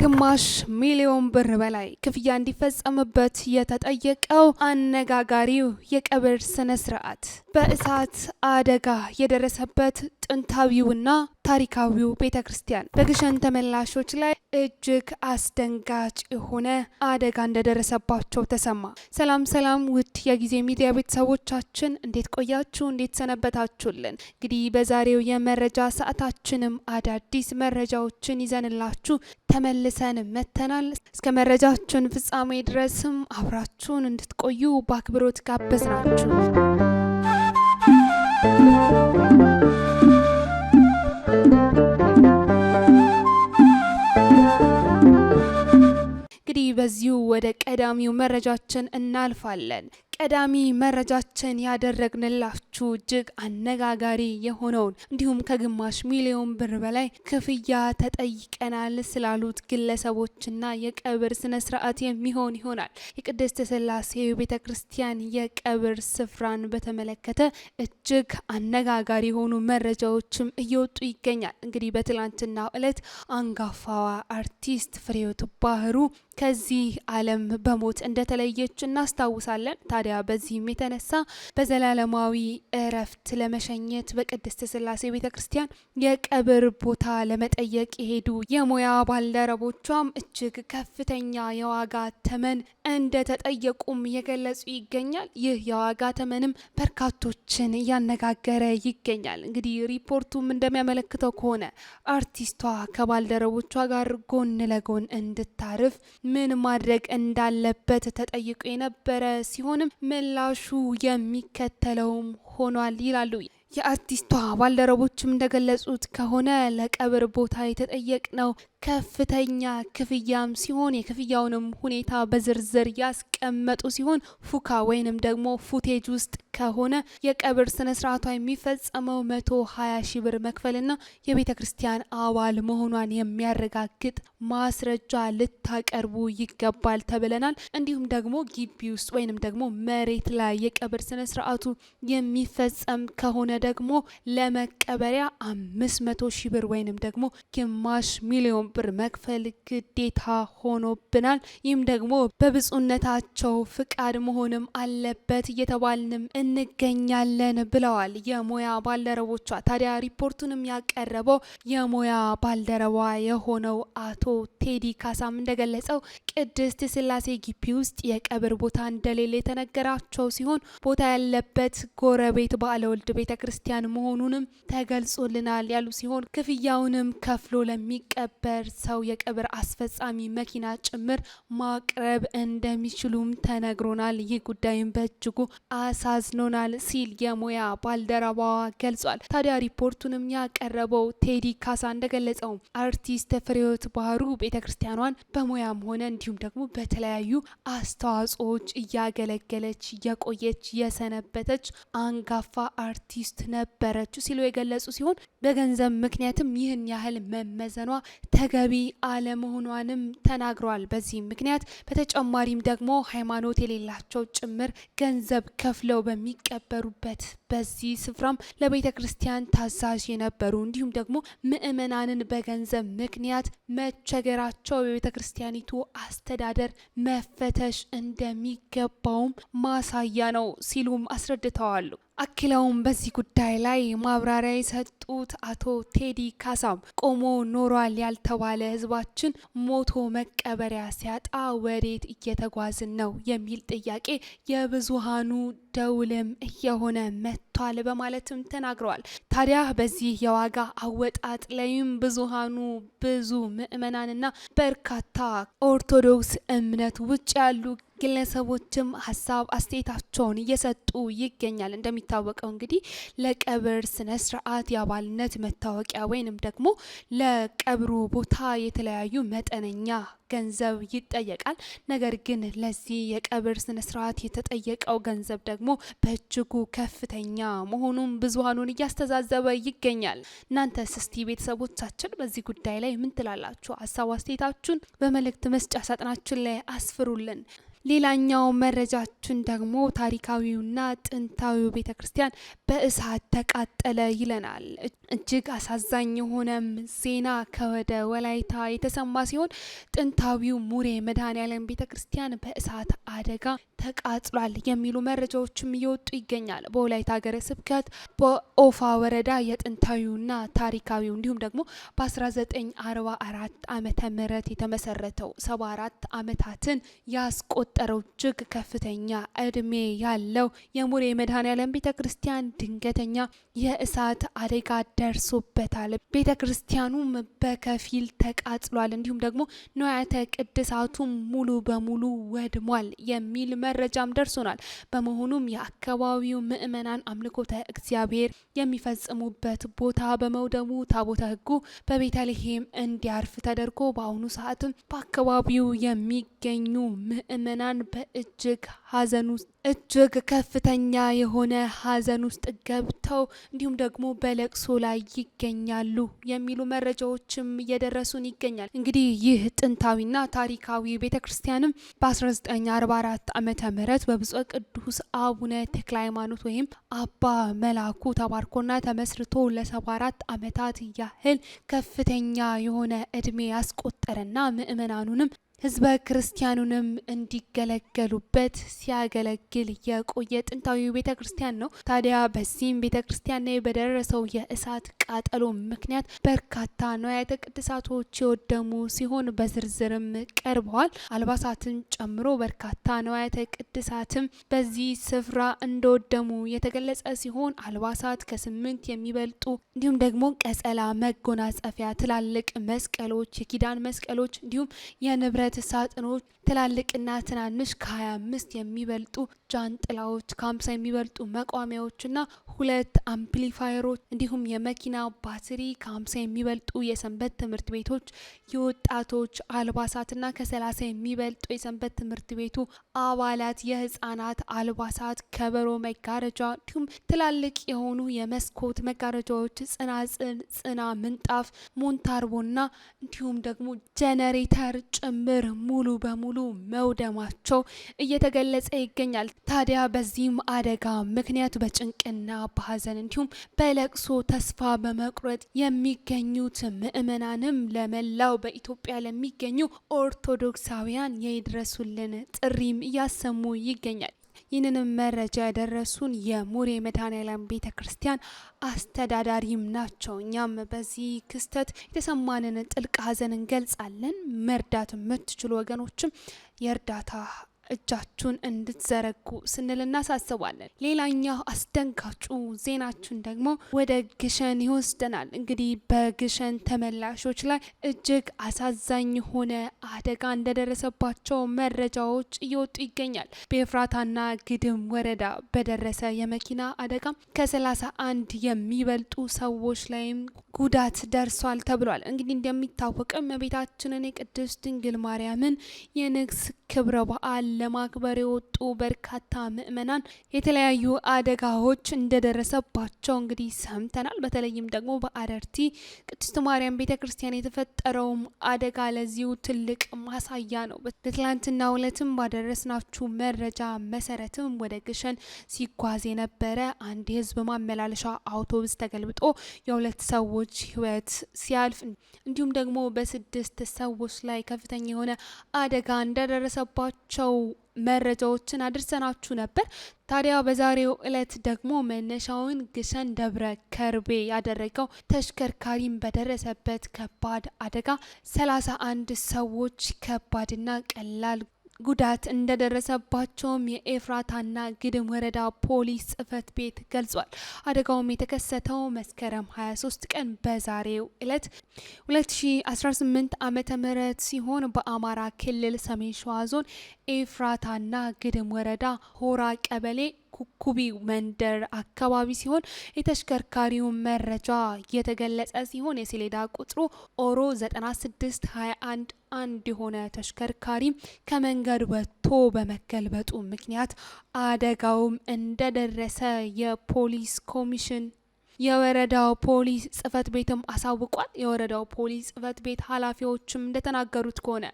ከግማሽ ሚሊዮን ብር በላይ ክፍያ እንዲፈጸምበት የተጠየቀው አነጋጋሪው የቀብር ስነ ስርዓት በእሳት አደጋ የደረሰበት ጥንታዊውና ታሪካዊው ቤተ ክርስቲያን በግሸን ተመላሾች ላይ እጅግ አስደንጋጭ የሆነ አደጋ እንደደረሰባቸው ተሰማ። ሰላም ሰላም፣ ውድ የጊዜ ሚዲያ ቤተሰቦቻችን እንዴት ቆያችሁ? እንዴት ሰነበታችሁልን? እንግዲህ በዛሬው የመረጃ ሰዓታችንም አዳዲስ መረጃዎችን ይዘንላችሁ ተመልሰን መተናል። እስከ መረጃችን ፍጻሜ ድረስም አብራችሁን እንድትቆዩ በአክብሮት ጋበዝናችሁ። በዚሁ ወደ ቀዳሚው መረጃችን እናልፋለን። ቀዳሚ መረጃችን ያደረግንላችሁ እጅግ አነጋጋሪ የሆነውን እንዲሁም ከግማሽ ሚሊዮን ብር በላይ ክፍያ ተጠይቀናል ስላሉት ግለሰቦችና የቀብር ስነ ስርዓት የሚሆን ይሆናል። የቅድስት ስላሴ ቤተ ክርስቲያን የቀብር ስፍራን በተመለከተ እጅግ አነጋጋሪ የሆኑ መረጃዎችም እየወጡ ይገኛል። እንግዲህ በትላንትናው እለት አንጋፋዋ አርቲስት ፍሬሕይወት ባህሩ ከዚህ ዓለም በሞት እንደተለየች እናስታውሳለን ታዲያ በዚህ በዚህም የተነሳ በዘላለማዊ እረፍት ለመሸኘት በቅድስት ስላሴ ቤተ ክርስቲያን የቀብር ቦታ ለመጠየቅ የሄዱ የሙያ ባልደረቦቿም እጅግ ከፍተኛ የዋጋ ተመን እንደተጠየቁም የገለጹ ይገኛል። ይህ የዋጋ ተመንም በርካቶችን እያነጋገረ ይገኛል። እንግዲህ ሪፖርቱም እንደሚያመለክተው ከሆነ አርቲስቷ ከባልደረቦቿ ጋር ጎን ለጎን እንድታርፍ ምን ማድረግ እንዳለበት ተጠይቆ የነበረ ሲሆንም ምላሹ የሚከተለውም ሆኗል ይላሉ። የአርቲስቷ ባልደረቦችም እንደገለጹት ከሆነ ለቀብር ቦታ የተጠየቅነው ከፍተኛ ክፍያም ሲሆን የክፍያውንም ሁኔታ በዝርዝር ያስቀመጡ ሲሆን ፉካ ወይንም ደግሞ ፉቴጅ ውስጥ ከሆነ የቀብር ስነ ስርዓቷ የሚፈጸመው መቶ ሀያ ሺ ብር መክፈልና የቤተ ክርስቲያን አባል መሆኗን የሚያረጋግጥ ማስረጃ ልታቀርቡ ይገባል ተብለናል። እንዲሁም ደግሞ ግቢ ውስጥ ወይንም ደግሞ መሬት ላይ የቀብር ስነ ስርዓቱ የሚፈጸም ከሆነ ደግሞ ለመቀበሪያ አምስት መቶ ሺ ብር ወይንም ደግሞ ግማሽ ሚሊዮን ብር መክፈል ግዴታ ሆኖብናል። ይህም ደግሞ በብፁዕነታቸው ፍቃድ መሆንም አለበት እየተባልንም እንገኛለን ብለዋል የሙያ ባልደረቦቿ። ታዲያ ሪፖርቱንም ያቀረበው የሙያ ባልደረባ የሆነው አቶ ቴዲ ካሳም እንደገለጸው ቅድስት ስላሴ ግቢ ውስጥ የቀብር ቦታ እንደሌለ የተነገራቸው ሲሆን ቦታ ያለበት ጎረቤት ባለወልድ ቤተ ክርስቲያን ክርስቲያን መሆኑንም ተገልጾልናል ያሉ ሲሆን ክፍያውንም ከፍሎ ለሚቀበር ሰው የቀብር አስፈጻሚ መኪና ጭምር ማቅረብ እንደሚችሉም ተነግሮናል። ይህ ጉዳይም በእጅጉ አሳዝኖናል ሲል የሙያ ባልደረባዋ ገልጿል። ታዲያ ሪፖርቱንም ያቀረበው ቴዲ ካሳ እንደገለጸው አርቲስት ፍሬህይወት ባህሩ ቤተ ክርስቲያኗን በሙያም ሆነ እንዲሁም ደግሞ በተለያዩ አስተዋጽኦዎች እያገለገለች የቆየች የሰነበተች አንጋፋ አርቲስት ነበረችው ሲሉ የገለጹ ሲሆን በገንዘብ ምክንያትም ይህን ያህል መመዘኗ ተገቢ አለመሆኗንም ተናግረዋል። በዚህም ምክንያት በተጨማሪም ደግሞ ሃይማኖት የሌላቸው ጭምር ገንዘብ ከፍለው በሚቀበሩበት በዚህ ስፍራም ለቤተ ክርስቲያን ታዛዥ የነበሩ እንዲሁም ደግሞ ምእመናንን በገንዘብ ምክንያት መቸገራቸው የቤተ ክርስቲያኒቱ አስተዳደር መፈተሽ እንደሚገባውም ማሳያ ነው ሲሉም አስረድተዋል። አክለውም በዚህ ጉዳይ ላይ ማብራሪያ የሰጡት አቶ ቴዲ ካሳም ቆሞ ኖሯል ያልተባለ ህዝባችን ሞቶ መቀበሪያ ሲያጣ ወዴት እየተጓዝን ነው የሚል ጥያቄ የብዙሃኑ ደውልም እየሆነ መጥቷል በማለትም ተናግረዋል። ታዲያ በዚህ የዋጋ አወጣጥ ላይም ብዙሃኑ ብዙ ምዕመናንና በርካታ ኦርቶዶክስ እምነት ውጭ ያሉ ግለሰቦችም ሀሳብ አስተያየታቸውን እየሰጡ ይገኛል። እንደሚታወቀው እንግዲህ ለቀብር ስነ ስርዓት የአባልነት መታወቂያ ወይንም ደግሞ ለቀብሩ ቦታ የተለያዩ መጠነኛ ገንዘብ ይጠየቃል። ነገር ግን ለዚህ የቀብር ስነ ስርዓት የተጠየቀው ገንዘብ ደግሞ በእጅጉ ከፍተኛ መሆኑን ብዙሀኑን እያስተዛዘበ ይገኛል። እናንተ ስስቲ ቤተሰቦቻችን በዚህ ጉዳይ ላይ ምን ትላላችሁ? ሀሳብ አስተያየታችሁን በመልእክት መስጫ ሳጥናችን ላይ አስፍሩልን። ሌላኛው መረጃችን ደግሞ ታሪካዊውና ጥንታዊው ቤተ ክርስቲያን በእሳት ተቃጠለ ይለናል። እጅግ አሳዛኝ የሆነም ዜና ከወደ ወላይታ የተሰማ ሲሆን ጥንታዊው ሙሬ መድኃኔዓለም ቤተ ክርስቲያን በእሳት አደጋ ተቃጥሏል የሚሉ መረጃዎችም እየወጡ ይገኛል። በወላይታ ሀገረ ስብከት በኦፋ ወረዳ የጥንታዊውና ታሪካዊው እንዲሁም ደግሞ በ1944 ዓመተ ምህረት የተመሰረተው ሰባ ዓመታትን ያስቆ የተቆጠረው እጅግ ከፍተኛ እድሜ ያለው የሙሬ መድኃኔዓለም ቤተ ክርስቲያን ድንገተኛ የእሳት አደጋ ደርሶበታል። ቤተ ክርስቲያኑም በከፊል ተቃጥሏል፣ እንዲሁም ደግሞ ንዋያተ ቅድሳቱም ሙሉ በሙሉ ወድሟል የሚል መረጃም ደርሶናል። በመሆኑም የአካባቢው ምዕመናን አምልኮተ እግዚአብሔር የሚፈጽሙበት ቦታ በመውደሙ ታቦተ ሕጉ በቤተልሔም እንዲያርፍ ተደርጎ በአሁኑ ሰዓትም በአካባቢው የሚገኙ ምዕመናን ሀናን በእጅግ ሀዘን ውስጥ እጅግ ከፍተኛ የሆነ ሀዘን ውስጥ ገብተው እንዲሁም ደግሞ በለቅሶ ላይ ይገኛሉ የሚሉ መረጃዎችም እየደረሱን ይገኛል። እንግዲህ ይህ ጥንታዊና ታሪካዊ ቤተ ክርስቲያንም በ1944 ዓመተ ምህረት በብፁዕ ቅዱስ አቡነ ተክለ ሃይማኖት ወይም አባ መላኩ ተባርኮና ተመስርቶ ለ74 ዓመታት ያህል ከፍተኛ የሆነ እድሜ ያስቆጠረና ምእመናኑንም ህዝበ ክርስቲያኑንም እንዲገለገሉበት ሲያገለግል የቆየ ጥንታዊ ቤተ ክርስቲያን ነው። ታዲያ በዚህም ቤተ ክርስቲያን ላይ በደረሰው የእሳት መቃጠሉ ምክንያት በርካታ ንዋያተ ቅድሳቶች የወደሙ ሲሆን በዝርዝርም ቀርበዋል። አልባሳትን ጨምሮ በርካታ ንዋያተ ቅድሳትም በዚህ ስፍራ እንደወደሙ የተገለጸ ሲሆን አልባሳት ከስምንት የሚበልጡ እንዲሁም ደግሞ ቀጸላ፣ መጎናጸፊያ፣ ትላልቅ መስቀሎች፣ የኪዳን መስቀሎች እንዲሁም የንብረት ሳጥኖች ትላልቅና ትናንሽ ከ25 የሚበልጡ ጃንጥላዎች ከአምሳ የሚበልጡ መቋሚያዎችና ሁለት አምፕሊፋየሮች እንዲሁም የመኪና ባትሪ ከ የሚበልጡ የሰንበት ትምህርት ቤቶች የወጣቶች አልባሳትና ከ የሚበልጡ የሰንበት ትምህርት ቤቱ አባላት የህፃናት አልባሳት፣ ከበሮ፣ መጋረጃ እንዲሁም ትላልቅ የሆኑ የመስኮት መጋረጃዎች፣ ጽናጽን፣ ጽና ምንጣፍ፣ ሞንታርቦና እንዲሁም ደግሞ ጀነሬተር ጭምር ሙሉ በሙሉ መውደማቸው እየተገለጸ ይገኛል። ታዲያ በዚህም አደጋ ምክንያት በጭንቅና በሀዘን እንዲሁም በለቅሶ ተስፋ በመቁረጥ የሚገኙት ምእመናንም ለመላው በኢትዮጵያ ለሚገኙ ኦርቶዶክሳውያን የይድረሱልን ጥሪም እያሰሙ ይገኛል። ይህንንም መረጃ ያደረሱን የሙሬ መድኃኔዓለም ቤተ ክርስቲያን አስተዳዳሪም ናቸው። እኛም በዚህ ክስተት የተሰማንን ጥልቅ ሐዘን እንገልጻለን። መርዳት የምትችሉ ወገኖችም የእርዳታ እጃችሁን እንድትዘረጉ ስንል እናሳስባለን። ሌላኛው አስደንጋጩ ዜናችን ደግሞ ወደ ግሸን ይወስደናል። እንግዲህ በግሸን ተመላሾች ላይ እጅግ አሳዛኝ የሆነ አደጋ እንደደረሰባቸው መረጃዎች እየወጡ ይገኛል። በኤፍራታና ግድም ወረዳ በደረሰ የመኪና አደጋ ከሰላሳ አንድ የሚበልጡ ሰዎች ላይም ጉዳት ደርሷል ተብሏል። እንግዲህ እንደሚታወቅም እመቤታችንን የቅድስት ድንግል ማርያምን የንግስ ክብረ በዓል ለማክበር የወጡ በርካታ ምዕመናን የተለያዩ አደጋዎች እንደደረሰባቸው እንግዲህ ሰምተናል። በተለይም ደግሞ በአረርቲ ቅድስት ማርያም ቤተ ክርስቲያን የተፈጠረውም አደጋ ለዚሁ ትልቅ ማሳያ ነው። በትላንትናው ዕለትም ባደረስናችሁ መረጃ መሰረትም ወደ ግሸን ሲጓዝ የነበረ አንድ የህዝብ ማመላለሻ አውቶቡስ ተገልብጦ የሁለት ሰዎች ህይወት ሲያልፍ እንዲሁም ደግሞ በስድስት ሰዎች ላይ ከፍተኛ የሆነ አደጋ እንደደረሰባቸው መረጃዎችን አድርሰናችሁ ነበር። ታዲያ በዛሬው እለት ደግሞ መነሻውን ግሸን ደብረ ከርቤ ያደረገው ተሽከርካሪም በደረሰበት ከባድ አደጋ ሰላሳ አንድ ሰዎች ከባድና ቀላል ጉዳት እንደደረሰባቸውም የኤፍራታና ግድም ወረዳ ፖሊስ ጽህፈት ቤት ገልጿል። አደጋውም የተከሰተው መስከረም 23 ቀን በዛሬው ዕለት 2018 ዓ ም ሲሆን በአማራ ክልል ሰሜን ሸዋ ዞን ኤፍራታና ግድም ወረዳ ሆራ ቀበሌ ኩኩቢ መንደር አካባቢ ሲሆን የተሽከርካሪውን መረጃ የተገለጸ ሲሆን የሰሌዳ ቁጥሩ ኦሮ 21 አንድ የሆነ ተሽከርካሪ ከመንገድ ወጥቶ በመገልበጡ ምክንያት አደጋውም እንደደረሰ የፖሊስ ኮሚሽን የወረዳው ፖሊስ ጽህፈት ቤትም አሳውቋል። የወረዳው ፖሊስ ጽህፈት ቤት ኃላፊዎችም እንደተናገሩት ከሆነ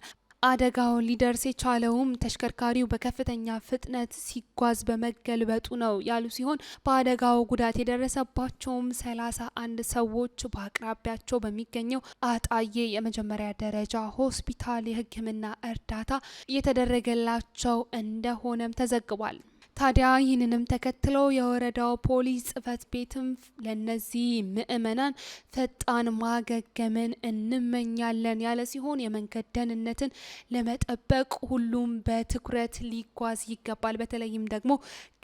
አደጋውን ሊደርስ የቻለውም ተሽከርካሪው በከፍተኛ ፍጥነት ሲጓዝ በመገልበጡ ነው ያሉ ሲሆን በአደጋው ጉዳት የደረሰባቸውም ሰላሳ አንድ ሰዎች በአቅራቢያቸው በሚገኘው አጣዬ የመጀመሪያ ደረጃ ሆስፒታል የሕክምና እርዳታ እየተደረገላቸው እንደሆነም ተዘግቧል። ታዲያ ይህንንም ተከትሎ የወረዳው ፖሊስ ጽህፈት ቤትም ለነዚህ ምዕመናን ፈጣን ማገገምን እንመኛለን ያለ ሲሆን የመንገድ ደህንነትን ለመጠበቅ ሁሉም በትኩረት ሊጓዝ ይገባል። በተለይም ደግሞ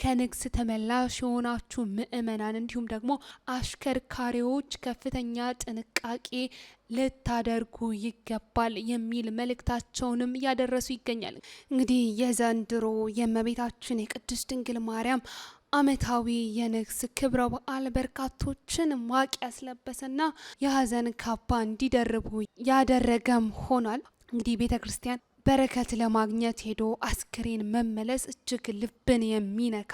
ከንግስ ተመላሽ የሆናችሁ ምዕመናን እንዲሁም ደግሞ አሽከርካሪዎች ከፍተኛ ጥንቃቄ ልታደርጉ ይገባል የሚል መልእክታቸውንም እያደረሱ ይገኛል። እንግዲህ የዘንድሮ የእመቤታችን የቅድስት ድንግል ማርያም ዓመታዊ የንግስ ክብረ በዓል በርካቶችን ማቅ ያስለበሰና የሀዘን ካባ እንዲደርቡ ያደረገም ሆኗል። እንግዲህ ቤተ ክርስቲያን በረከት ለማግኘት ሄዶ አስክሬን መመለስ እጅግ ልብን የሚነካ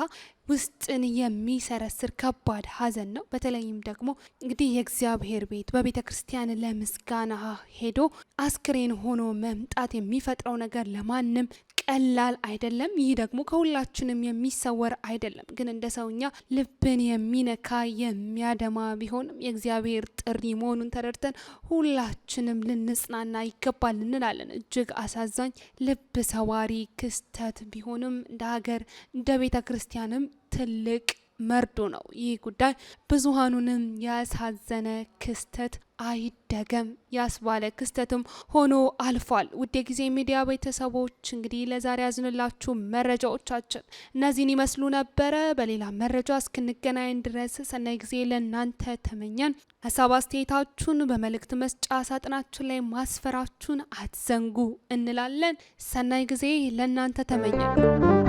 ውስጥን የሚሰረስር ከባድ ሐዘን ነው። በተለይም ደግሞ እንግዲህ የእግዚአብሔር ቤት በቤተ ክርስቲያን ለምስጋና ሄዶ አስክሬን ሆኖ መምጣት የሚፈጥረው ነገር ለማንም ቀላል አይደለም። ይህ ደግሞ ከሁላችንም የሚሰወር አይደለም። ግን እንደ ሰውኛ ልብን የሚነካ የሚያደማ ቢሆንም የእግዚአብሔር ጥሪ መሆኑን ተረድተን ሁላችንም ልንጽናና ይገባል እንላለን። እጅግ አሳዛኝ ልብ ሰዋሪ ክስተት ቢሆንም እንደ ሀገር እንደ ቤተ ክርስቲያንም ትልቅ መርዶ ነው። ይህ ጉዳይ ብዙሃኑንም ያሳዘነ ክስተት አይደገም ያስባለ ክስተትም ሆኖ አልፏል። ውድ ጊዜ ሚዲያ ቤተሰቦች እንግዲህ ለዛሬ ያዝንላችሁ መረጃዎቻችን እነዚህን ይመስሉ ነበረ። በሌላ መረጃ እስክንገናኝ ድረስ ሰናይ ጊዜ ለእናንተ ተመኘን። ሀሳብ አስተያየታችሁን በመልእክት መስጫ ሳጥናችን ላይ ማስፈራችሁን አትዘንጉ እንላለን። ሰናይ ጊዜ ለእናንተ ተመኘን።